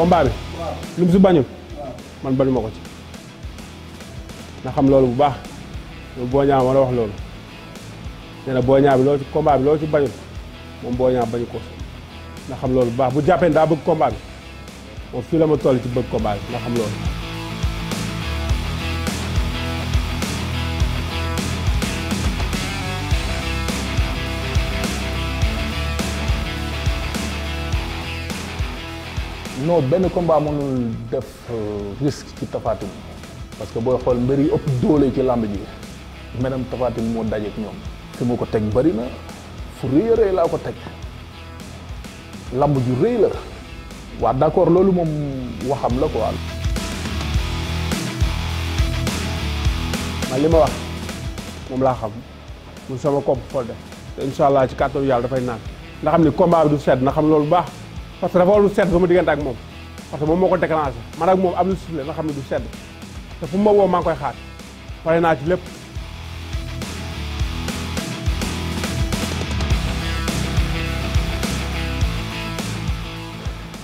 combat bi. lu mu si bañul. man bañu ma ko ci. na xam loolu bu baax loolu boo ma la wax loolu nee na boo ñaaw bi loolu ci combat bi loolu ci bañul moom boo ñaaw bañu ko na xam loolu bu baax bu jàppee daa bëgg combat bi moom fii la ma toll ci bëgg combat bi na xam loolu. non benn combat mënul def euh, risque ci Tapha parce que booy xool mbir yi ëpp doole ci làmb ji menam Tapha Tine moo dajeek ñoom fi mu ko teg bëri na fu rëy a rëy laa ko teg làmb ju rëy la waa d'accord loolu moom waxam la ko quoi. man li ma wax moom laa xam moom sama kopp xool de te incha ci kàttan yàlla dafay naan nga xam ni combat bi du sedd na xam loolu baax. parce que dafa war lu sedd sama diggante ak moom parce que moom moo ko déclenché man ak moom am lu sifle nga xam ne du sedd te fu ma woo maa koy xaar pare naa ci lépp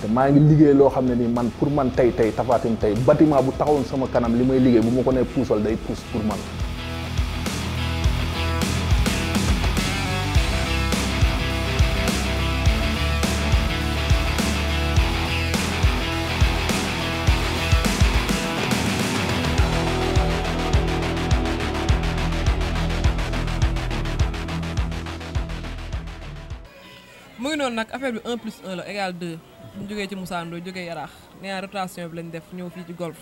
te maa ngi liggéey loo xam ne nii man pour man tey tey Tapha Tine tey bâtiment bu taxawoon sama kanam li may liggéey bu ma ko nee puusal day puus pour man mu ngi noonu nag affaire bi 1 plus 1 la égal 2 bu jógee ci Moussa Ndoye jógee Yaraax nee naa bi lañ def ñëw fii ci golf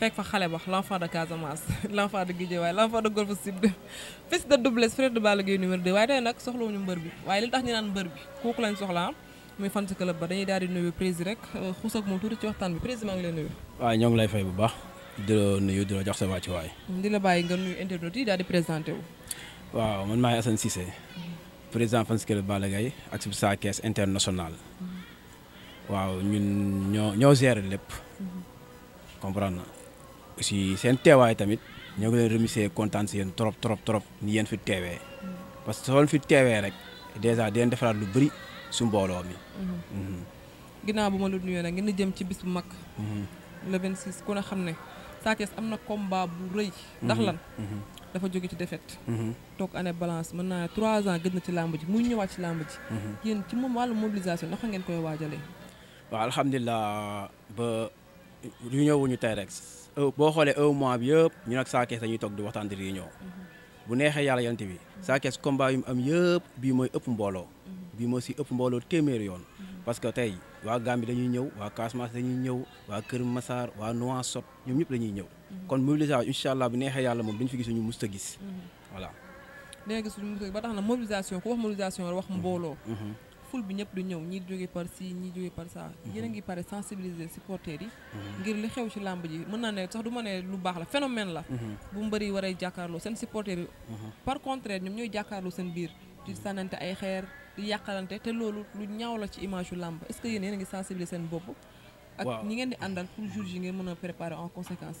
fekk fa xale wax l' enfant de Casamance l' de Guédiawaye waaye li tax ñu naan mbër bi kooku lañ soxla ah, muy fan club ba dañuy daal di nuyu prési rek euh, xuus moom tuuti ci waxtaan bi prési maa ngi lay nuyu. waaw ñoo ngi lay fay bu baax di la nuyu di la jox sa wàccuwaay. di la bàyyi nga nuyu internautes yi daal di président fans club Balla Gaye ak sa caisse internationale waaw ñun ñoo ñoo gérer lépp comprendre na aussi seen teewaay tamit ñoo ngi leen remercier kontaan si yéen trop trop trop ni yéen fi teewee parce que soo fi teewee rek déjà di defaraat lu bëri su mbooloo mi. Mhm. ginnaaw bu ma la nuyoo nag ngeen jëm ci bis bu mag. Mhm. le ku ne xam ne Sa am na combat bu rëy. ndax mhm. lan. dafa jóge ci défaite mhm. toog année balance mën naa trois ans gën na ci làmb ji muy ñëwaat ci làmb ji mhm. yéen ci moom wàllu mobilisation naka ngeen koy waajalee waaw alhamdulilah ba réunion wu ñu tey rek euh, boo xoolee un mois bi yëpp ñun ak Sa Thiès toog di waxtaan di réunion mhm. bu neexee yàlla yant bi Sa Thiès combat yu mu am yëpp bii mooy ëpp mbooloo bii moo si ëpp mbooloo téeméer yoon parce tey waa Gambie dañuy ñëw waa Casamance dañuy ñëw waa Kër Massar waa Nouakchott ñoom ñëpp dañuy ñëw. Mhm. kon mobilisation incha allah bi neexee yàlla moom dañu fi gis ñu mës a gis. Mhm. voilà. dinañ gis ñu a gis ba tax na mobilisation ku wax mobilisation war wax mhm. mbooloo. ful bi ñëpp du ñëw ñii jóge par ci ñi jóge par ça. yéen a ngi pare sensibiliser supporters yi. ngir li xew ci làmb ji mën naa ne sax du ma ne lu baax la phénomène la. bu mbëri yi waree jàkkaarloo seen supporters yi. par contraire ñoom ñooy jàkkaarloo seen biir. di sànnante ay xeer. di yàqalante te loolu lu ñaw la ci image yu làmb est-ce que ngi sensibiliser seen bopp. ak ñi ngeen di àndal pour jour yi ngeen mën a préparer en conséquence.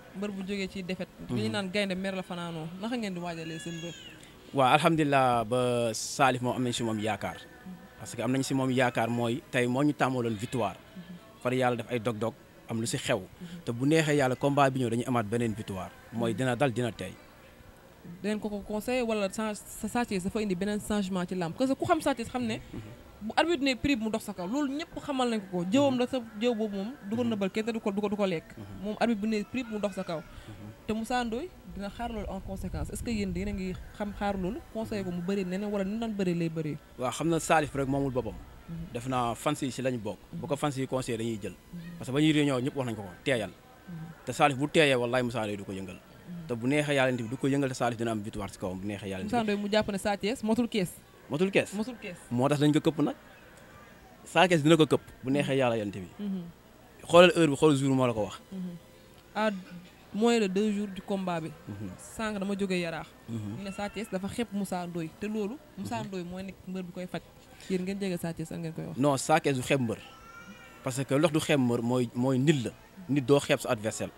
mbër bu jógee ci defet li ñu naan gaynde mer la fanaanoo naka ngeen di waajalee seen mbër. waa alhamdulilah ba Salif moom am nañ si moom yaakaar parce que am nañ si moom yaakaar mooy tey moo ñu tàmmaloon victoire mhm. far yàlla def ay dog-dog am lu si xew mhm. te bu neexee yàlla combat bi ñëw dañu amaat beneen victoire mooy dina dal dina tey. dinañ ko ko conseillé wala sa Sathies dafa indi beneen changement ci làmb parce que ku xam Sathies xam ne. Mhm. bu arbitre ne prix bi mu dox sa kaw loolu ñëpp xamal nañ ko ko jëwam la sa jëw boobu moom du ko nëbbal kenn du ko du ko du lekk mhm. moom arbitre bu ne prix mu dox sa kaw mhm. te Moussa Ndoye dina xaar loolu en conséquence est-ce que yéen dina ngi xam xaar loolu conseil ko mu bëree neneen wala ni mu daan bëree lay bëree waaw xam na Salif rek moomul boppam mhm. def naa fans yi si lañ bokk bu ko fans yi conseil dañuy jël parce que ba ñuy réunion ñëpp wax nañ ko ko teeyal te Salif bu mosul kees mosul kees moo tax dañ ko këpp nag saa kees dina ko këpp bu neexee yàlla yant bi mhm. xoolal heure bi xoolal jour moo la ko wax à la de deux jours du mhm. dama jógee yaraax mhm. Sa dafa xeeb Moussa Ndoye te loolu Moussa Ndoye mooy nekk mbër bi koy faj yéen ngeen jege Sa Thiès ngeen koy wax non Sa du xeeb mbër parce que lox du xeeb mbër mooy mooy nit la nit doo xeeb sa adversaire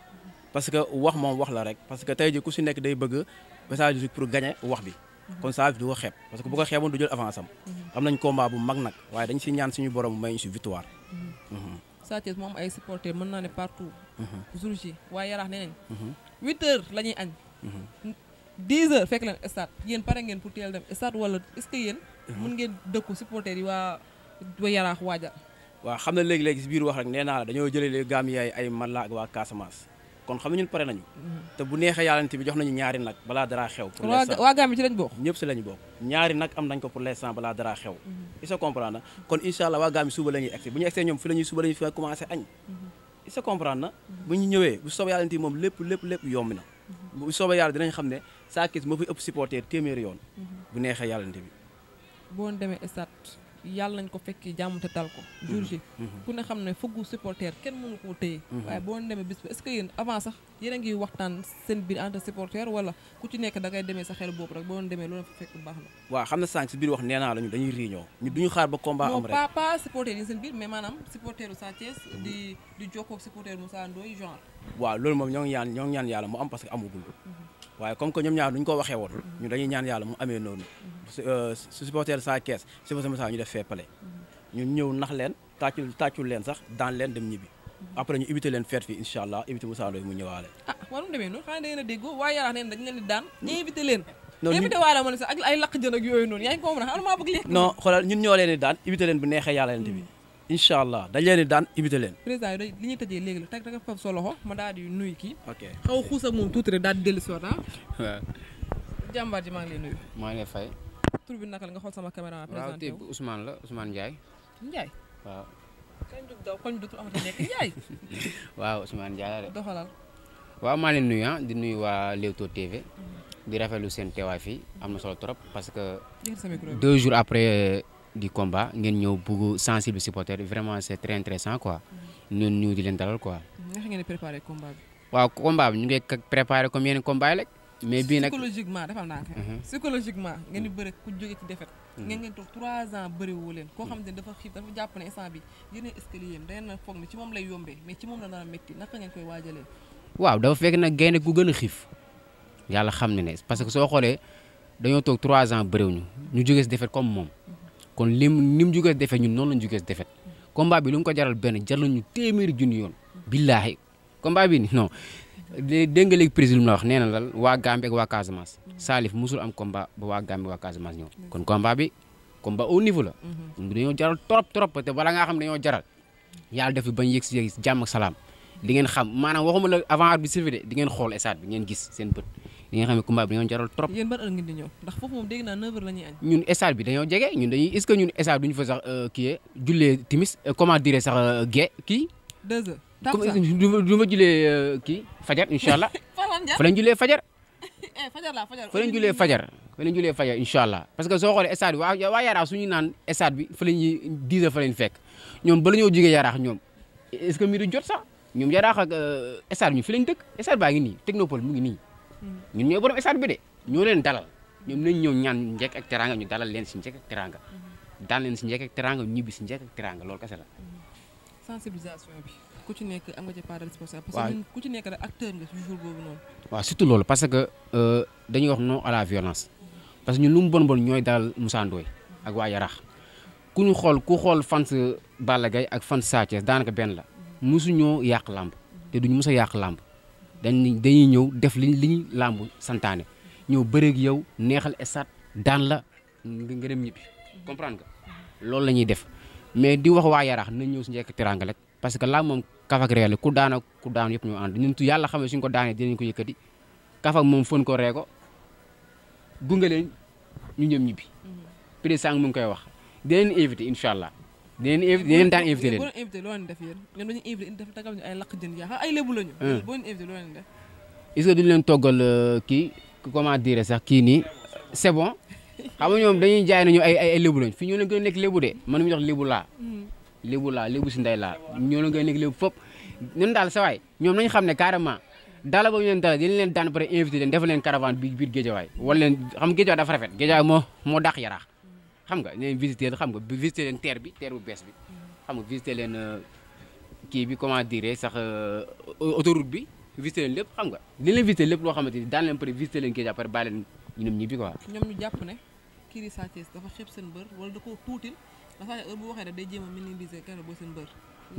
parce que wax moom wax la rek parce que tey ji ku si nekk day bëgg message pour gagner wax bi kon Saafii di ko xeeb parce que bu ko xeeboon du jël avance am. Mhm. am nañ combat bu mag nag waaye dañ si ñaan suñu borom may ñu si victoire. Mhm. Mhm. Sa Thiès moom ay supporters mën naa ne partout. jour ji waaye yaraax nee nañ. 8 heures la ñuy añ. 10 heures fekk leen stade yéen pare ngeen pour teel dem stade wala est-ce que yéen. mën ngeen dëkku supporters yi waa waa yaraax waaja. waa xam na léegi-léegi si biir wax rek nee naa la dañoo jëlee gaam yaay ay Malla ak waa Casamance. kon xam ñun pare nañu mm-hmm. te bu neexee yàllante bi jox nañu ñaari nag balaa dara xew pour l'instant waa Gambie ci lañ bokk ñëpp si mm-hmm. la ñuy egsi bi mm-hmm. moom lépp lépp lépp na bu soobee yàlla dinañ xam bu neexee yàllante bi boo demee stade yàlla nañ ko fekki jàmm te dal ko jour ji mhm. mhm. ku ne xam ne fëggu supporter kenn mënu koo téye mhm. waaye boo demee bis bi est-ce avant sax yéen a ngi waxtaan seen biir entre supporter wala ku ci nekk da demee sa xel boobu rek boo demee loolu fa fekk baax na waaw xam na sànq si biir wax nee la ñu dañuy réunion ñu duñu xaar ba combat am rek non u Sa Thiès di di jokkoo supporter Moussa Ndoye genre waaw loolu moom ñoo ngi ñaan ñoo ngi waaye comme que ñoom ñaar duñ ko waxee woon ñu dañuy ñaan yàlla mu amee noonu Euh, su supporter Sa Thiès si sama saa ñu def fair mm-hmm. ñu ñëw nax leen tàccul tàccul leen sax daan leen dem ñibbi mm-hmm. après ñu éviter leen fête fii incha allah éviter Moussa Ndoye mu ñëwaale. ah warum demee noonu xanaa da a déggoo waaye yàlla leen daan ñu éviter leen. noonu éviter ma ne yooyu noonu yaa ngi ko mën a xam maa bëgg leen. non xoolal ñun ñoo leen di daan éviter leen mm-hmm. li ñuy tëjee léegi la teg danga fab ma daal di nuyu kii. ok xaw xuus ak moom tuuti rek daal di dellu si waat ah. waaw. jàmbaar ji maa ngi leen nuyu. maa ngi fay tur bi naka la nga xool sama caméra. présenté waaw Ousmane la Ousmane Ndiaye. waaw. kañ jug daw koñ la de. waaw maa leen nuyaa ah, di nuyu waa Leewtoo TV. Mhm. di rafetlu seen teewaay fii am na solo trop parce que. deux jours après euh, du combat ngeen ñëw bugg sensible supporter vraiment c' est très intéressant quoi. Mhm. ñun ñu di leen dalal quoi. naka ngeen préparé combat bi. waaw combat bi ñu ngi préparé comme yeneen combat yi mais bii nag psychologiquement defal naa ko. Mhm. psychologiquement ngeen di bëri ku jóge ci défaite. ngeen mhm. ngeen toog 3 ans bëri leen. koo mhm. xam ne dafa xiif dafa jàpp ne instant bi yeneen escalier yi dangeen na foog ne ci moom lay yombee mais ci moom la dana métti naka ngeen koy waajalee. waaw dafa fekk nag gaynde gu gën a xiif yàlla xam ne ne parce que soo xoolee dañoo toog 3 ans bëriwuñu ñu jóge si défaite comme moom kon lim mu jógee si défaite ñun noonu la ñu jógee si défaite combat bi lu mu ko jaral benn jaral ñu téeméeri junni yoon. billaahi combat bi non dégg nga léegi président la wax nee na lal waa Gambie ak waa Casamance Salif musul am combat ba waa Gambie waa Casamance ñëw mm-hmm. kon combat bi combat au niveau la mm-hmm. dañoo jaral trop trop parce que xam dañoo jaral yàlla def bañ yëg si yëg si salaam di xam maanaam waxuma avant arbitre bi sifflé di xool stade bi ngeen gis seen bët di xam ne combat bi dañoo jaral trop yéen ban heure ngeen di ñëw bi dañoo jege ñun dañuy est-ce que comme du ma julee euh, kii fajar incha allah. fa lañ julee fajar. Eh, fajar laa fajar fa lañ julee fajar. fa lañ julee fajar incha allah parce que soo xoolee stade bi waa waa Yaraax su ñu naan stade bi fa la ñuy 10 fa lañ fekk ñoom bala ñoo jugee Yaraax ñoom est-ce que mbiru jot sax ñoom Yaraax ak euh, stade ñu fi lañ dëkk stade baa ngi nii technopole mu ngi nii. Hmm. ñun ñooy borom stade bi de ñoo leen dalal ñoom nañ ñëw ñaan njëkk ak teranga ñu dalal leen si njëkk ak teranga hmm. daan leen si njëkk ak teranga ñibbi si njëkk ak teranga loolu kese la. Hmm. sensibilisation bi. ku ci nekk am nga ci part de responsable. ku ci nekk rek acteur nga ci jour boobu noonu. waaw surtout loolu parce que euh, dañuy wax non à la violence parce que ñun lu mu bon bon ñooy daal Moussa Ndoye ak waa Yarax ku ñu xool ku xool fans Balla ak fans Sa Thiès daanaka benn la mosuñoo yàq làmb te duñu mos a yàq làmb dañuy dañuy ñëw def li li ñuy làmb santaane ñëw bëreeg yow neexal estat daan la nga dem ñibbi comprendre nga loolu la ñuy def mais di wax waa Yaraax nañ ñëw si njëkk teraanga rek parce que làmb moom kaf ak ree la ku daan ak ñu ànd ñun tu yàlla xam ne suñ ko daanee dinañ ko yëkkati kaf ak moom fën ko ree ko gunge leen ñu ñëm ñibbi. président mu ngi koy wax dinañ invité incha allah. dinañ invité dinañ daan invité leen. boo ñu loo leen def yéen ñoom dañuy ñu ay lakk jën yaa loo leen def. est-ce que duñ kii comment dire sax kii nii c'est bon nga ñoom dañuy jaay nañu ay ay lébu lañ fi ñu leen gën a nekk de man mi ñu wax lébu laa lébu si ndey laa ñoo la ngay nekk lébu fop ñun daal sawaay ñoom nañ xam ne carrément dala ba ñu leen dala dinañ leen daan pare invité leen def leen caravane bi biir géejawaay wala leen xam géejawaay dafa rafet géejawaay moo moo dàq yaraax xam nga leen visiter xam nga visiter leen terre bi teer bu bees bi xam nga visiter leen euh, kii bi comment dire sax euh, autoroute bi visité leen xam nga dinañ leen lépp loo xamante ni daan leen pare visité leen géejawaay pare bàyyi leen ñoom ñibbi quoi. ñoom ñu jàpp ne kii di Sa Thiès dafa xeeb seen bër wala da koo tuutil dafa heure bu day jéem a minimiser keroog ba seen mbër.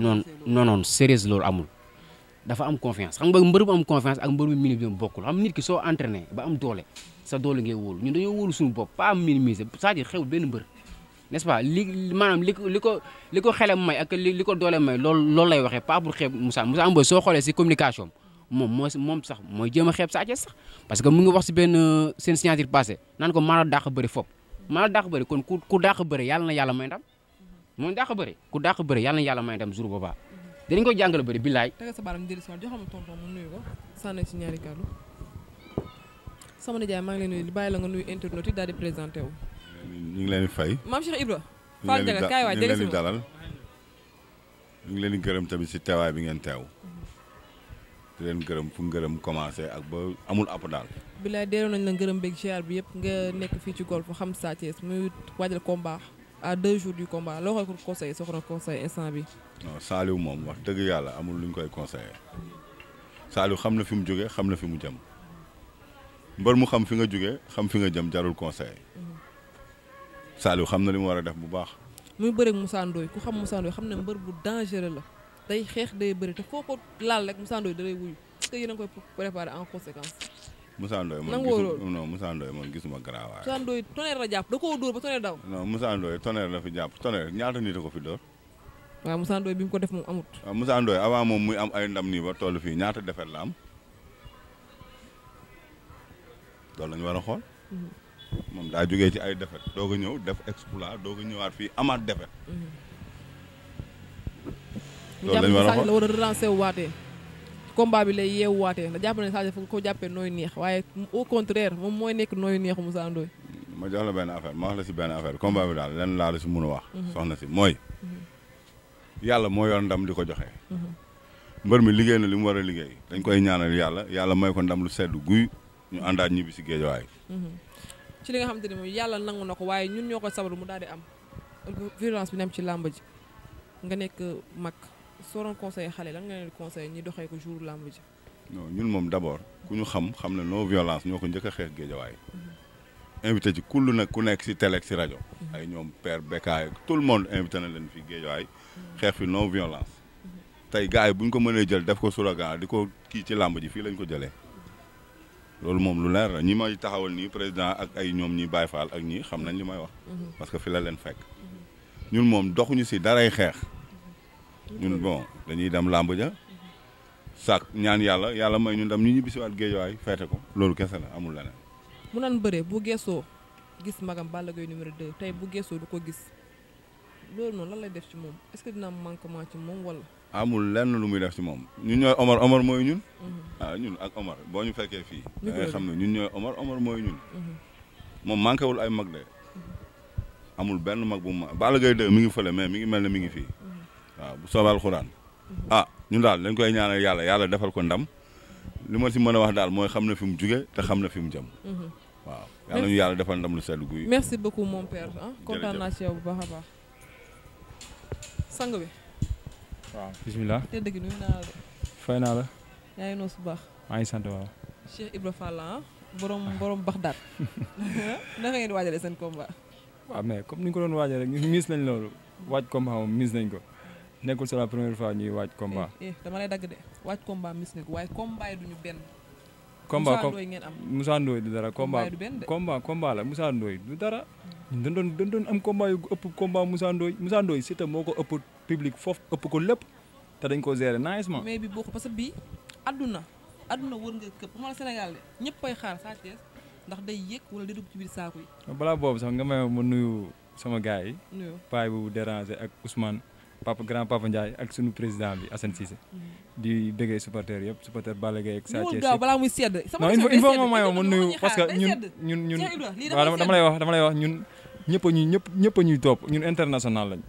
non non non sérieuse loolu amul dafa am confiance xam nga mbër bu am confiance ak mbër bu minimiser bokkul xam nit ki soo entraîné ba am doole sa doole ngay wóolu ñu dañoo wóolu suñu bopp pas minimiser c'est-à-dire xew benn mbër n'est-ce pas li maanaam li ko li ko li ko xelam may ak li li ko doole may loolu loolu lay waxee pas pour xeeb Moussa Moussa Mboye soo xoolee si communication moom moo moom sax mooy jéem a xeeb Sa Thiès sax parce que mu ngi wax si benn euh, seen signature passé naan ko maanaam dàq bëri fop maa dàq bëri kon ku ku dàq bëri yàlla na yàlla may ndam moo dàq bëri ku dàq bëri yàlla na yàlla may ndam jour boobaa dinañ ko jàngal bëri billaay. tegal sa baaram jëli soxna joxam tonton mu nuyu ko sànni si ñaari kàddu sama nijaay maa ngi leen nuyu bàyyi la nga nuyu internet yi daal di présenté wu. ñu ngi leen di fay. maam Cheikh Ibra. Fall Ndiaga kaay waay jëli si ñu ngi leen ngi leen di gërëm tamit si teewaay bi ngeen teew di leen gërëm fu ngërëm commencé ak ba amul app daal. bilaay delloo nañ la ngërëm beeg ziar bi yëpp nga nekk fii ci golf xam Sa Thiès muy waajal combat à deux jours du combat loo koy conseillé soxna conseil instant bi. non Saliou moom wax dëgg yàlla amul lu ñu koy conseillé Saliou xam na fi mu jógee xam na fi mu jëm mbër mu xam fi nga jóge xam fi nga jëm jarul conseil Saliou xam na li mu war a def bu baax. muy bëreeg mu Ndoye ku xam Moussa Ndoye xam ne mbër bu dangereux la. tey xeex day bëri te foo ko laal rek Moussa Ndoye da lay wuyu est-ce que yéen a ngi koy préparé en conséquence. Moussa Ndoye man gisuma non Moussa Ndoye gisuma garaawaay. jàpp da koo dóor ba tonnerre daw. non Moussa fi jàpp tonnerre ñaata nit a fi dóor. waaw Moussa Ndoye ko def moom amut. waaw avant moom muy am ay ndam nii ba toll fii ñaata defet la am loolu la war a xool. Mm-hmm. moom daa jógee ci ay defet doog a ñëw def exploit doog a ñëwaat fii amaat defet. Mm-hmm. loolu la war a war a relancer waatee bi lay yeewu waatee da jàpp ne Sadio fu ko jàppee nooy neex waaye au contraire moom mooy nekk nooy neexu Moussa Ndoye ma jox la benn affaire ma wax la si benn affaire combat bi daal lenn laa a wax. Mhm. si mooy. Mhm. yàlla moo yor ndam di ko joxe. Mhm. mbër mi liggéey na li mu war a liggéey dañ koy ñaanal yàlla yàlla may ko ndam lu sedd guy ñu àndaat ñibbi si géejawaay. ci li nga xamante ne moom yàlla nangu na ko waaye ñun ñoo ko sabaru mu daal di am violence bi nem ci làmb ji nga nekk mag. soo doon conseillé xale lan nga leen ñi doxee ko jour làmb ji. non ñun moom d' abord ku ñu xam xam ne non violence ñoo ko njëkk a xeex géejawaay. Mm-hmm. invité ci kull nag ku nekk si télé ak si rajo. Mm-hmm. ay ñoom per Bekkaay tout le monde invité na leen fi géejawaay. Mm-hmm. xeex fi no violence. tey gars yi bu ñu ko mënee jël def ko slogan di ko kii ci làmb ji fii lañ ko jëlee. loolu moom lu leer la ñi may taxawal nii président ak ay ñoom ñi Baye Fall ak ñi xam nañ li may wax. parce que fi la leen fekk. ñun moom doxuñu si daray xeex. ñun bon dañuy dem làmb ja ñaan yàlla yàlla may ñun dem ñu ñibbi ñibbisiwaat géejawaay feete ko loolu kese la amul leneen. mu naan bëre bu geesoo gis magam Balla gay numéro 2 tey bu geesoo du ko gis loolu noonu lan lay def ci moom est-ce que dina am manquement ci moom wala. amul lenn lu muy def ci moom ñun ñooy Omar Omar mooy ñun. Mhm. ah ñun ak Omar boo ñu fekkee fii. da xam ne ñun ñooy Omar Omar mooy ñun. Mhm. moom manqué wul ay mag de. Mhm. amul benn mag bu mu ma Balla Gaye mi ngi fële mais mi ngi mel ne mi ngi fii. waaw bu soobee alxuraan mhm. a ah, ñun daal dañ koy ñaanal yàlla yàlla defal ko ndam li ma si mën a wax daal mooy xam na fi mu jóge te xam na fi mu jëm. Mhm. waaw yàlla ñu yàlla defal ndam lu sedd guy. merci beaucoup mon père ah kontaan naa ci bu baax a baax. sang bi. waaw bisimilah. te maa ngi sant waaw. Cheikh Ibra Fall ah borom borom Baxdaad naka ngeen waajalee seen combat. comme ni ko doon waajal rek miis nañ loolu waaj ko moom miis nañ ko. nekkul c'est la première fois ñuy waaj combat. Eh, eh, dama lay dagg de waaj combat mis nga ko waaye combat yi duñu benn. combat Moussa ngeen am Moussa Ndoye du dara. combat combat combat la Moussa Ndoye du dara. dañ doon dañ doon am combat yu ëpp combat Moussa Ndoye Moussa Ndoye moo ko ëpp public foofu ëpp ko lépp te dañ ko gérer nicement. mais bi bokkul parce que bi àdduna àdduna wër nga këpp ma la Sénégal de ñëpp ay xaar Sa Thiès ndax day yëg wala day dugg ci biir saako yi. balaa boobu sax nga may ma nuyu sama gars yi. nuyu paay bu ak Ousmane. papa grand papa Ndiaye ak sunu président bi Assane Cissé. di bëggee supporteur yëpp supporteur Balla Gaye ak. Sa Thiès gaaw balaa muy sedd. sama il faut ma mayoo ma nuyu parce que ñun ñun ñun. waaw dama lay wax dama lay wax ñun ñëpp ñëpp ñëpp international lañ.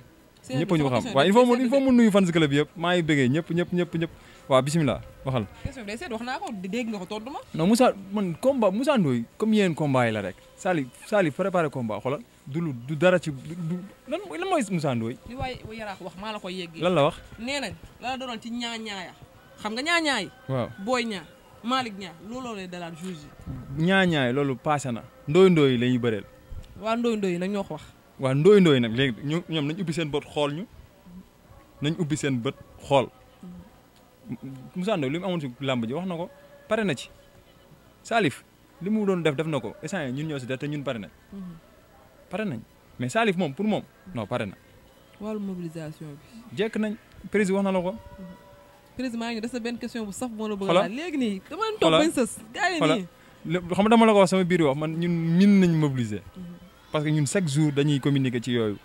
ñëpp ñu xam waaye il faut mu il faut fans club yëpp maa ngi bëggee ñëpp ñëpp ñëpp ñëpp waaw bisimilah waxal. question bi day seet wax naa ko dégg nga comme yeneen combat la rek Sali Sali préparé combat du lu du dara ci du lan mooy lan mooy Moussa li waay yaraax wax maa la koy yeggee. lan la wax. nee nañ la la ci ñaa ñaaya xam nga ñaa ñaay. booy ñaa Malick ñaa looloo lay dalaat juge yi. loolu paase na. ndooy ndooy yi la ñuy bëreel. waa ndooy ndooy yi nag ñoo wax. waa ndooy ndooy nag léegi ñu ñoom nañ ubbi seen bët xool ñu nañ ubbi seen bët xool Moussa Ndoye li mu si làmb ji wax na ko pare na ci Salif li mu doon def def na ko instant ñun ñoo si def ñun pare na mhm. pare nañ mais Salif moom pour moom non pare na. wàllu mobilisation bi. jekk nañ président wax na la ko. président maa ngi des na benn question bu saf moo la bëgg a laaj léegi nii dama leen toog bañ sës. gars yi nii xam nga dama la ko wax sama biir wax man ñun min nañ mobiliser. parce que ñun chaque jour dañuy communiquer ci yooyu.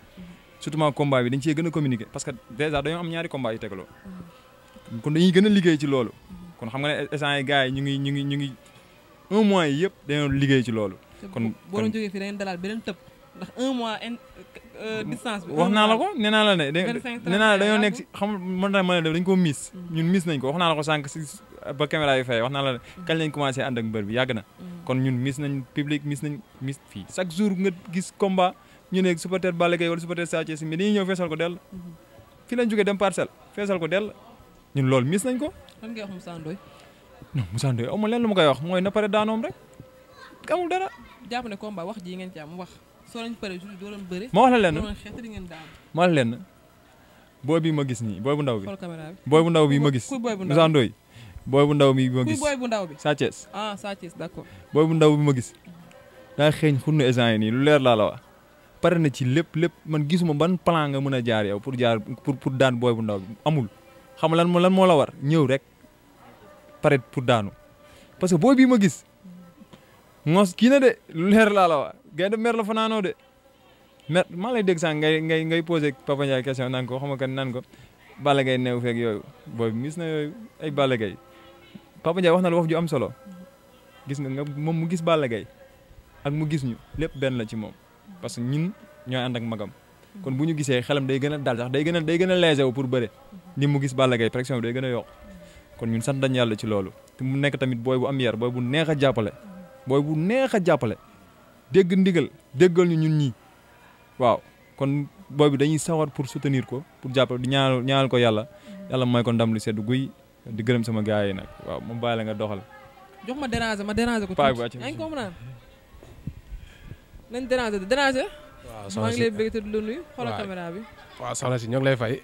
surtout ma combat bi dañ cee gën a communiquer parce que déjà dañoo am ñaari combat yu tegaloo. kon dañuy gën a liggéey ci loolu. kon xam nga ne instant yi ñu ngi ñu ngi ñu ngi un mois yi yëpp dañoo liggéey ci loolu. ndax un mois euh, distance bi. wax naa la ko nee naa la ne nee naa la dañoo nekk si xam mën naa mën a def dañu ko miis. Mm. ñun miis nañ ko wax naa la ko sànq si ba caméra yi fay wax naa la ne mm. kañ lañ commencé ànd ak mbër bi yàgg na. Mm. kon ñun miis nañ public miis nañ miis fii chaque jour nga gis combat ñu ne supporter Balla Gaye wala supporter Sa Thiès mais dañuy ñëw feesal ko dell. Mm-hmm. fii lañ jógee dem parcelle feesal ko dell ñun loolu miis nañ ko. lan ngay wax Moussa Ndoye. non Moussa Ndoye amul lenn lu ma koy wax mooy na pare daanoom rek amul dara. jàpp ne combat wax ji ngeen ci am wax soo leen paree julli ma wax la ma wax la lenn bi ma gis nii booy bu ndaw bi. booy bu ndaw bi ma gis. kuy booy bu ndaw Moussa bu ndaw bi ma gis kuy bu ndaw bi. Sa Thiès ah Sa Thiès d'accord. bu ndaw bi ma gis daa xeeñ xunnu agent yi nii lu leer laa la wax pare na ci lépp lépp man gis ma ban plan nga mën a jaar yow pour jaar pour pour daan booy bu ndaw amul xam lan moo lan moo la war ñëw rek pare pour daanu parce que ma gis moos kii de lu leer la wax gaynde mer la fanaanoo de mer maa lay dégg sànq ngay ngay ngay posé Papa Ndiaye question naan ko xam nga nan ko Balla Gaye neew feeg yooyu booy gis na yooyu ay Balla Gaye Papa Ndiaye wax na la wax ju am solo gis nga nga moom mu gis Balla ak mu gis ñu lépp benn la ci moom parce que ñun ñooy ànd ak magam kon bu ñu gisee xelam day gën a dal sax day gën a day gën a léger wu pour bëre ni mu gis Balla Gaye pression bi day gën a yokk kon ñun sant dañ yàlla ci loolu te mu nekk tamit booy bu am yar booy bu neex a jàppale booy bu neex a jàppale dégg ndigal déggal ñu ñun ñii waaw kon booy bi dañuy sawar pour soutenir ko pour jàppale di ñaanal ñaanal ko yàlla yàlla mooy ko ndam lu sedd guy di gërëm sama gars yi nag waaw moom bàyyi nga doxal. jox ma déranger ma déranger ko. paa bi wàcc nañ comprendre nañ déranger waaw soxna si te du la nuyu. xoolal caméra bi. waaw soxna si ñoo ngi lay fay.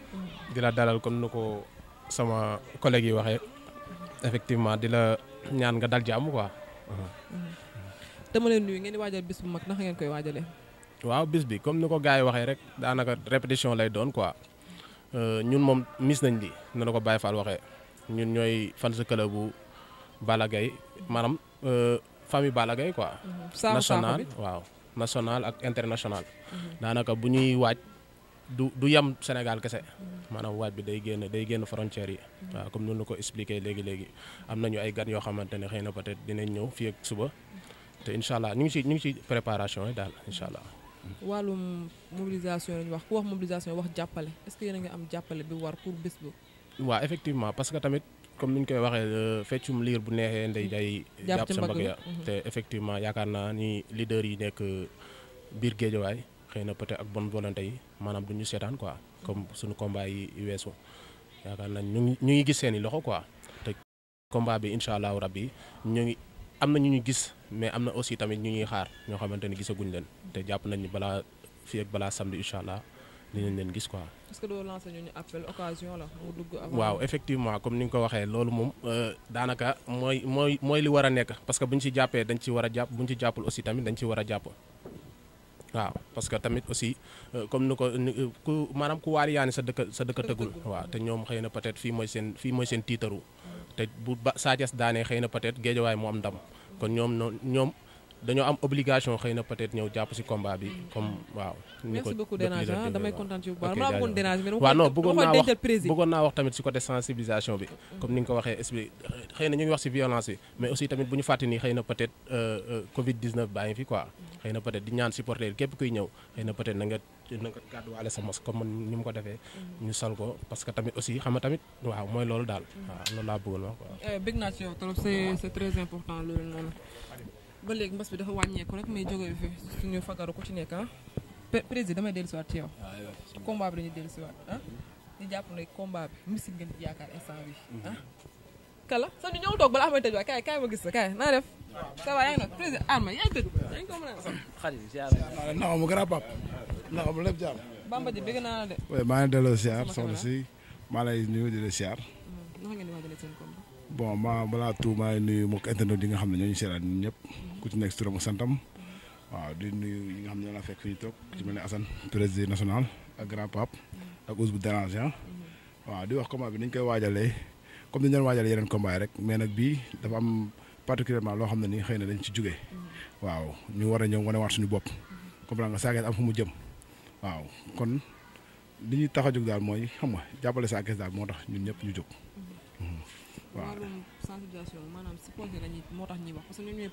di la dalal comme nu ko sama collègue yi waxee effectivement di la ñaan nga dal jàmm quoi. Mhm. dama leen nuyu ngeen di waajal bis bu mag naka ngeen koy waajalee. waaw bis bi comme ni ko gars yi waxee rek daanaka répétition lay doon quoi euh, ñun moom mis nañ di na na ko Baye Fall waxee ñun ñooy fan sa club bu Balla Gaye maanaam euh, famille Balla Gaye quoi. Mm-hmm. national waaw national ak international. Mm-hmm. daanaka bu ñuy waaj du du yem Sénégal kese. Mm-hmm. maanaam waaj bi day génn day génn frontières yi. waa comme ni ñu ko expliqué léegi léegi am nañu ay gan yoo xamante ne xëy na peut dinañ ñëw fii ak suba. te incha allah ñu ngi si ñu ngi si préparation yi daal incha allah. wàllum mobilisation lañu wax ku wax mobilisation wax jàppale est-ce a ngi am jàppale bi war pour bés bu waaw effectivement parce que tamit comme ni ñu koy waxee euh, feccum liir bu neexee ndey day jàpp sa mbagg ya mhm. te effectivement yaakaar naa ni leader yi nekk euh, biir géejawaay xëy na peut-être ak bonne volonté yi maanaam du ñu seetaan quoi comme suñu combat yi weesu yaakaar naa ñu ñu ngi gis seen i loxo quoi te combat am na ñu ñu gis mais am na aussi tamit ñu ñuy xaar ñoo xamante ni gisaguñ leen te jàpp nañ ni balaa fi ak balaa samedi incha allah dinañ leen gis quoi. est que doo lancer la mu dugg avant waaw effectivement comme ni nga ko waxee loolu moom euh, daanaka mooy mooy mooy li war a nekk parce que bu ñu ci jàppee dañ ci war a jàpp bu ñu ci jàppul aussi tamit dañ ci war a jàpp. waaw parce que tamit aussi euh, comme ni ko euh, ku maanaam ku waari yaani sa dëkk sa dëkk tëggul waaw te ñoom xëy na peut-être fii mooy seen fii mooy seen tiitaru te bu ba Sa daanee xëy na peut-être Guédiawaye mu am ndam kon ñoom noonu ñoom dañoo am obligation xëy na peut-être ñëw jàpp ci combat bi comme waaw. ni ko dëkk ah, naa wax bëggoon naa wax tamit ci côté sensibilisation bi. comme ni nga ko waxee expliqué xëy na ñu ngi wax ci violence bi mais aussi tamit bu ñu fàttali ni xëy na peut-être euh, euh, Covid 19 baa ngi fi quoi. xëy na peut-être di ñaan supporter képp kuy ñëw xëy na peut-être na nga gàdduwaale sa mos comme man ni mu ko defee. ñu sol ko parce que tamit aussi xam nga tamit waaw mooy loolu daal. Mm-hmm. waaw loolu laa bëggoon wax quoi. Eh, bëgg naa ci yow trop c'est très important loolu noonu. ba léegi mbas bi dafa wàññeeku rek mais jóge fi suñu fagaru ku ci nekk ah. président damay dellusiwaat ci yow. Ah, combat bi dañuy dellusiwaat ah. ñu jàpp ne combat bi ngeen yaakaar instant bi ah. mm-hmm. kala sax ñu ñëw toog balaa xamante ne kaay kaay ma gis la kaay naa def. ça va yaa ngi président Arma yaa ngi tëdd. yaa ngi ko mën a. xarit ziar naa na am lépp jàmm. de. oui maa ngi delloo siyaar soxna si maa lay nuyu di siyaar. Mm, bon ma balaa tout maa ngi nuyu mbokk internet yi xam ne ñoo ñu seetaan ñëpp. Mm-hmm. ku ci nekk si turam santam. waaw di nuyu ñi nga xam ne ñoo la fekk fi ñu toog ci mel ni assan président national ak grand pape. Mm-hmm. ak Ousse bu dérangeant. waaw di wax combat bi ni koy waajalee comme ni ñu doon waajalee yeneen combat yi rek mais nag bii dafa am particulièrement loo xam ne nii xëy na dañ ci jóge mm-hmm. waaw ñu war a ñëw wa waat suñu bopp comprendre nga saa ngeen mu jëm. waaw kon li ñuy tax a jóg daal mooy xam nga jàppale sa Akess moo tax ñun ñëpp ñu jóg. Mm-hmm. tax ñuy wax mm-hmm.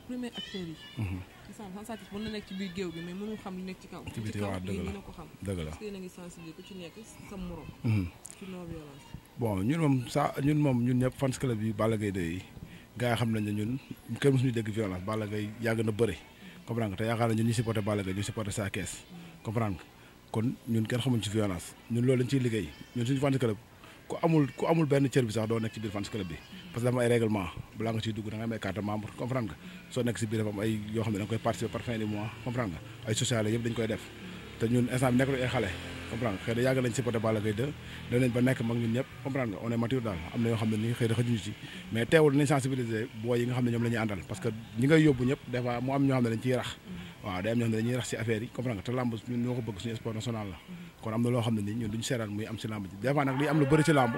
bi mais mënul xam li nekk ci ko xam. dëgg la parce que yéen mm-hmm. moom sa ñëpp fans club yi Balla Gaye de yi gars xam nañ ne ñun kenn mësuñu dégg violence Balla Gaye yàgg na bëre. comprendre nga te yaakaar na ñun ñu supporté Balla Gaye ñu supporté sa Akess comprendre nga kon ñun kenn xamuñ ci violence ñun loolu lañ ciy liggéey ñun suñu fans club ku amul ku amul benn cër bi sax doo nekk ci biir fans club bi parce que dafa ay règlement balaa nga ciy dugg da nga koy mag ñun ñëpp comprendre nga on est daal am na yoo xam ne nii xëy na waaw day am ñoo xam ne dañuy rax si affaire yi comprendre nga te làmb ñun ñoo ko bëgg suñu sport national la kon am na loo xam ne nii ñun duñu seeraan muy am si làmb ji des fois nag liy am lu bëri ci làmb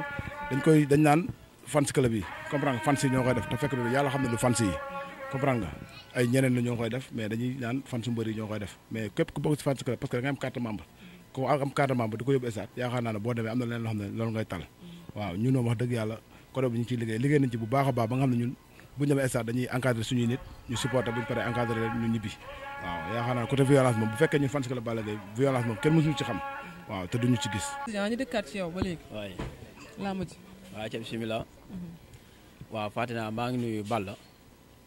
dañ koy dañ naan fans club yi ñoo koy def la ñoo koy def mais dañuy ku bokk si fans club parce que da am carte membre ko am carte membre di ko yóbbu esaat yaakaar naa ne boo demee am ne loolu ngay tal waaw ñun moom wax dëgg yàlla côté bi ñu ciy liggéey liggéey nañ a baax ba nga waaw yaakaar naa côté violence moom bu fekkee ñun fans club Balla Gaye moom kenn mësuñu ci xam waaw te duñu ci gis. président ñu dëkkaat ci yow ba léegi. waay làmb ji. waaw ci bismillah. Mhm. waaw Fatina maa ngi nuyu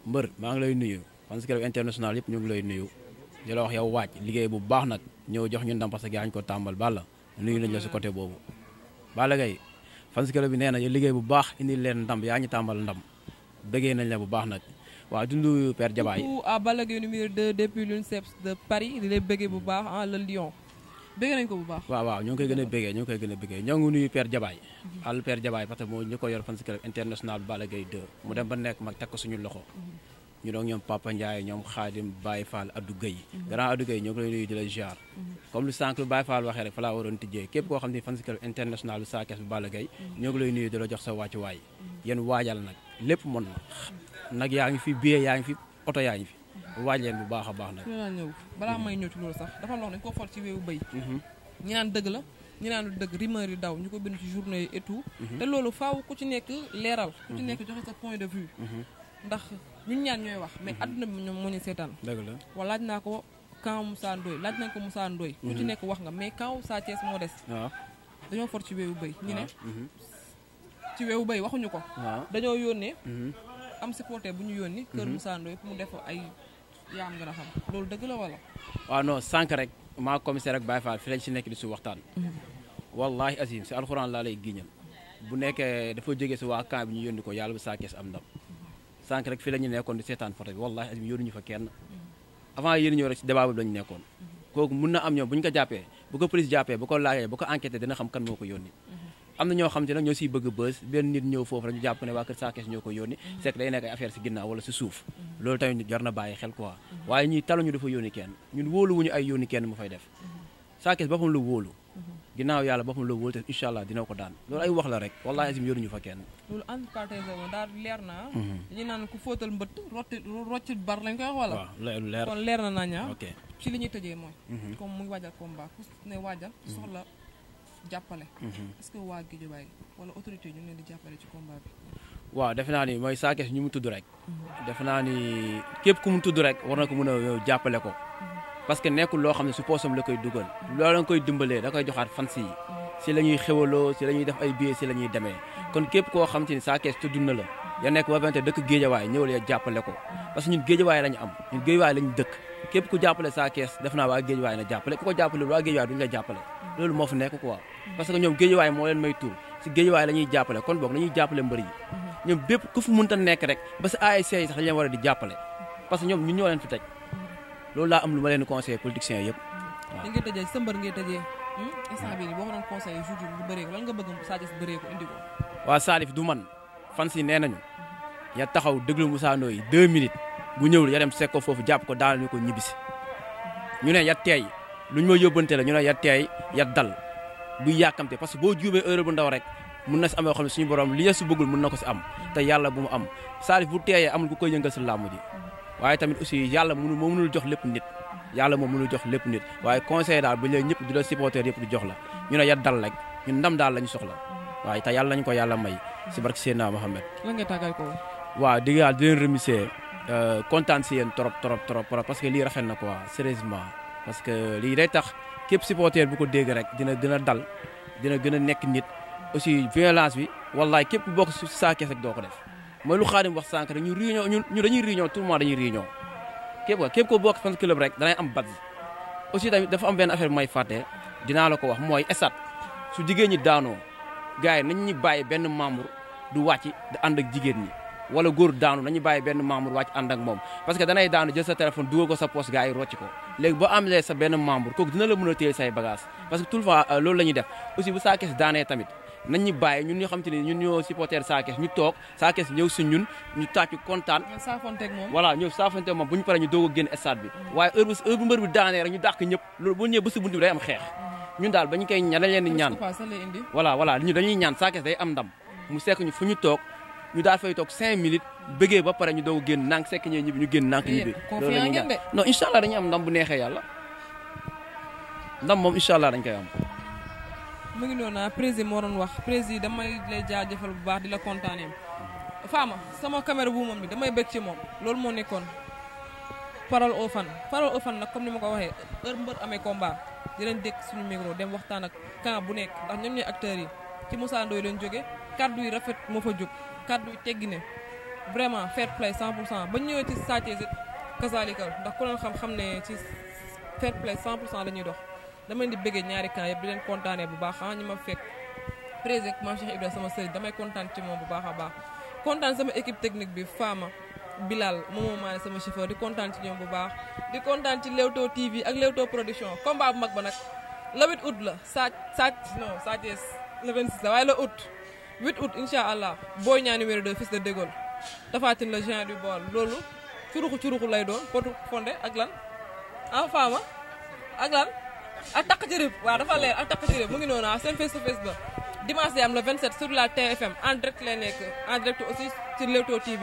mbër maa ngi lay nuyu fans club international yëpp ñu ngi lay nuyu di la wax yow waaj liggéey bu baax nag ñëw jox ñu ndam parce que yaa ñu ko tàmbal Balla nuyu nañ la si côté boobu Balla Gaye fans bi nee na liggéey bu baax indi leen ndam yaa ñu tàmbal ndam bëggee nañ la bu baax nag waaw dundu Père Diabaye. du lay bëggee bu baax ah le lion. nañ ko bu baax. waaw waaw ñoo ngi koy gën a bëggee ñoo ngi koy gën a bëggee nuyu Père Diabaye. al Père Diabaye parce que moo ñu ko yor fan si club international Balla Gaye 2 mu dem ba nekk mag teg suñu loxo. ñu doon ñoom Papa Ndiaye ñoom Khadim Baye Fall Adou Gueye grand Adou Gueye ñoo ngi lay nuyu di la ziar comme lu sànq lu Baye waxee rek fa laa waroon tijjee képp koo xam ne fan si club international bu Sa Thiès bu Balla Gaye ñoo nag yaa ngi fi billet yaa ngi fi oto yaa ngi fi waaj leen bu baax a baax nag balaa may ñëw ci loolu sax dafa loo dañ ko for ci wéewu béy mhm. ñi naan dëgg la ñu ko mhm. ci nekk leeral ku mhm. nekk joxe sa point de vue ndax ñun ñaan ñooy wax mais adduna bi ñoom moo ñu seetaan dëgg la wala laaj naa ko kaw Moussa Ndoye laaj nañ ko Moussa Ndoye ku ci nekk wax nga mais kaw Sa moo des dañoo for ci wéewu béy ñu ne ci wéewu béy waxuñu ko dañoo yónnee am supporter bu ñu yónni. Kër mhm. Moussa Ndoye mu def ay yaam nga xam loolu dëgg la wala. waaw non sànq rek maa commissaire ak Baye Fall fi lañ si nekk di su waxtaan. Mhm. wallahi azim si alxuraan laa lay giñal bu nekkee dafa jógee si waa camp bi ñu yónni ko yàlla bu saakees am ndam sànq rek fi la ñu nekkoon di seetaan photo bi wallahi azim yónni ñu fa kenn mhm. avant yéen ñëw rek si débat bi lañu nekkoon kooku mun na am ñoom bu ñu ko jàppee bu ko police am na ñoo xam te nag ñoo siy bëgg bës benn nit ñëw foofu rek jàpp ne waa kër Sakess ñoo ko yónni mm-hmm. c'est que day nekk mm-hmm. xel quoi mm-hmm. waaye ñuy taluñu dafa yónni kenn ñun wóoluwuñu ay def Sakess boppam la wóolu ginnaaw yàlla boppam la wóolu te incha dina ko daan loolu ay wax la rek ñu fa kenn loolu entreprise leer na dañu naan ku fóotal mbëtt rotti rocci bar lañ koy wax wala waaw leer kon leer na naña ah. ci li ñuy tëjee mooy comme muy waajal combat ku ne waajal soxla jàppale. Mhm. est waa Guédiawaye wala autorité ñu waaw defe naa ni mooy Sa Thiès ñu mu tudd rek. Mhm. defe naa ni képp ku mu tudd rek war na ko mën a jàppale ko. Mhm. parce que nekk loo xam ne su poosam la koy dugal. loolu la koy dimbalee da koy joxaat fans yi. si la ñuy xéwaloo si la ñuy def ay billets si la ñuy demee. kon képp koo xam te ni Sa Thiès tudd na la. ya nekk waa Bente dëkk Guédiawaye ñëwal ya jàppale ko. parce que ñun Guédiawaye lañu am ñun Guédiawaye lañu dëkk. képp ku jàppale Sa Thiès def naa waa Guédiawaye na jàppale ko ko jàppale waa Guédiawaye duñu la jàppale loolu moo fi nekk quoi parce que ñoom waay moo leen may tur si géejuwaay la ñuy jàppale kon boog nañuy jàppale mbër yi ñoom bépp ku nekk rek ba si ASC yi sax dañ war a di jàppale parce que ñoom ñun ñoo leen fi teg loolu laa am lu ma leen conseillé politiciens yëpp waaw da ngay tëjee sa mbër ngay hmm, ko doon conseillé jour nga bëgg Sa Thiès bëree ko indi ko du man fan si nee nañu ya taxaw déglu Moussa Ndoye deux minutes bu ñëwul ya dem sekk ko foofu jàpp ko daal ñu ko ñibbisi ñu ne ya teey lu ñu ma yóbbante la ñu ne ya teey ya dal bu yàkkamte parce que boo juumee heure bu ndaw rek mun na si am yoo xam ne suñu borom li si bëggul mun na ko si am te yàlla bu mu am Salif bu teeyee amul ku koy yëngal si làmb ji waaye tamit aussi yàlla mënul moo mënul jox lépp nit yàlla moom mënul jox lépp nit waaye conseil daal bu ñu ñëpp di la supporter yëpp di jox la ñun ne dal rek ñun ndam daal lañu soxla waaye te yàlla nañu ko yàlla may si barke Seydina Mohamed lan nga tàggal ko waaw di nga di leen remercier euh, kontaan trop trop parce que lii rafet na quoi sérieusement parce que lii day tax képp supporter bu ko dégg rek dina dina dal dina gën a nekk nit aussi violence bi wallaay képp bokk si saa kees doo ko def mooy lu xaadim wax sànq rek ñu réunion ñu dañuy réunion tout le monde dañuy réunion képp ko bokk fan club rek danay am badge aussi tamit dafa am benn affaire bu may fàtte dinaa la ko wax mooy esat su jigéen ñi daanoo gars yi nañ ñi bàyyi benn membre du wàcc di ànd ak jigéen ñi wala góor daanu nañu bàyyi benn membre wàcc ànd ak moom parce que danay daanu jël sa téléphone dugal ko sa poche gars yi rocc ko léegi boo amlee sa benn membre kooku dina la mën a téye parce que tout le temps euh, loolu la ñuy def aussi bu Sa daanee tamit nañ ñu bàyyi ñun ñoo xam te ni ñun ñoo supporter Sa ñu toog Sa Thiès si ñun ñu tàcc kontaan. ñëw saafonteeg moom voilà ñëw saafonteeg moom bu ñu paree ñu doog a génn stade bi. waaye heure bu heure bu mbër bi daanee rek ñu dàq ñëpp loolu bu ñëwee ba si bunt bi day am mm-hmm. ñu toog ñu daal fay toog cinq minutes bëggee ba pare ñu doog génn nànk sekk ñee ñibbi ñu génn nànk ñibbi loolu la ñuy ñaan non incha allah am ndam bu neexee yàlla ndam moom incha allah dañ koy am mu ngi noonu ah, président moo doon wax président damay lay jaajëfal bu baax di la kontaanee ma sama caméra bu moom bi damay bëgg ci moom loolu moo nekkoon parole au fan parole fan nag comme ni ma ko waxee heure mbër amee di dinañ dégg suñu micro dem waxtaan ak camp bu nekk ndax ñoom ñooy yi ci Moussa Ndoye leen jóge kàddu yi rafet moo fa jóg kàddu yi teggi ne vraiment fair play 100 pour ba ñëwee ci Sa Thiès it ndax ku leen xam-xam ne ci fair play 100 la ñuy dox dama leen di bëggee ñaari camp yëpp di leen kontaanee bu baax ah ñi ma fekk président maam Cheikh Ibrahima sama sëriñ damay kontaan ci moom bu baax a baax kontaan sama équipe technique bi Fama Bilal moomoo maane sama chauffeur di kontaan ci ñoom bu baax di kontaan ci Leewtoo TV ak Leewtoo production combat bu mag ba nag le 8 août la Sa Sa Sa Thiès le 26 la waaye le août 8 août incha allah Boy Niang numéro 2 fils de Dégol Tapha Tine le géant du Baol loolu curuxu curuxu lay doon potu fondé ak lan en ah, fama ak lan ak takk jërëb waaw dafa leer ak takk jërëb mu ngi noonu ah seen face to face ba dimanche day am le la TFM en direct lay nekk en direct aussi sur Leewtoo TV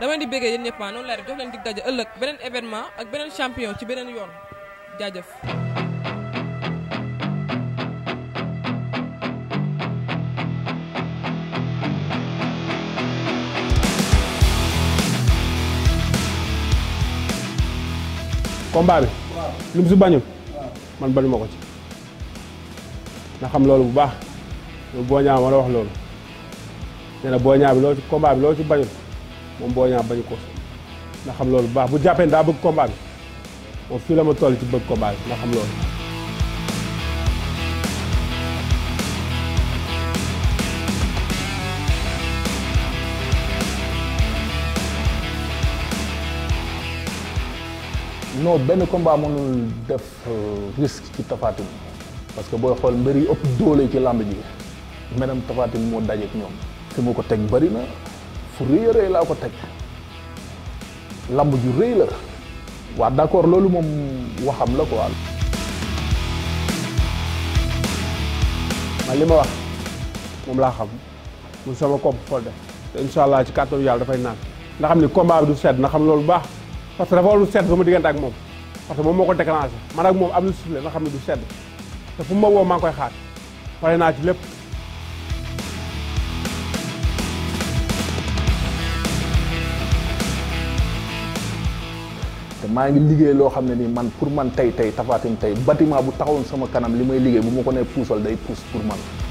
dama di béggee yéen ñëpp ah, noonu lay def jox di dig daje ëllëg beneen événement ak beneen champion ci beneen yoon jaajëf combat bi. lu si bañul. man bañu ma ko ci. na xam loolu bu baax loolu boo ma la wax loolu nee na bi loolu ci combat bi loolu ci bañul moom boo bañ bañu ko na xam loolu bu baax bu jàppee daa bëgg combat bi moom fii la ma toll ci bëgg combat bi na xam loolu. non benn combat mënul def euh, risque ci Tafatine parce que booy xool mbir yi ëpp doole ci làmb ji menam Tafatine moo dajeek ñoom fi mu ko teg bari na fu rëy a rëy laa ko teg làmb ju rëy la waa d'accord loolu moom waxam la quoi. man li ma wax moom laa xam mun sama kopp xol de te incha ci kàttan yàlla dafay naan nga xam ni combat bi du sedd na xam loolu baax. parce que dafa war lu sedd sama diggante ak moom parce que moom moo ko déclenché man ak moom am lu sifle nga xam ne du sedd te fu ma woo maa koy xaar pare naa ci lépp te maa ngi liggéey loo xam ne nii man pour man tey tey Tapha Tine tey bâtiment bu taxawoon sama kanam li may liggéey bu ma ko nee puusal day puus pour man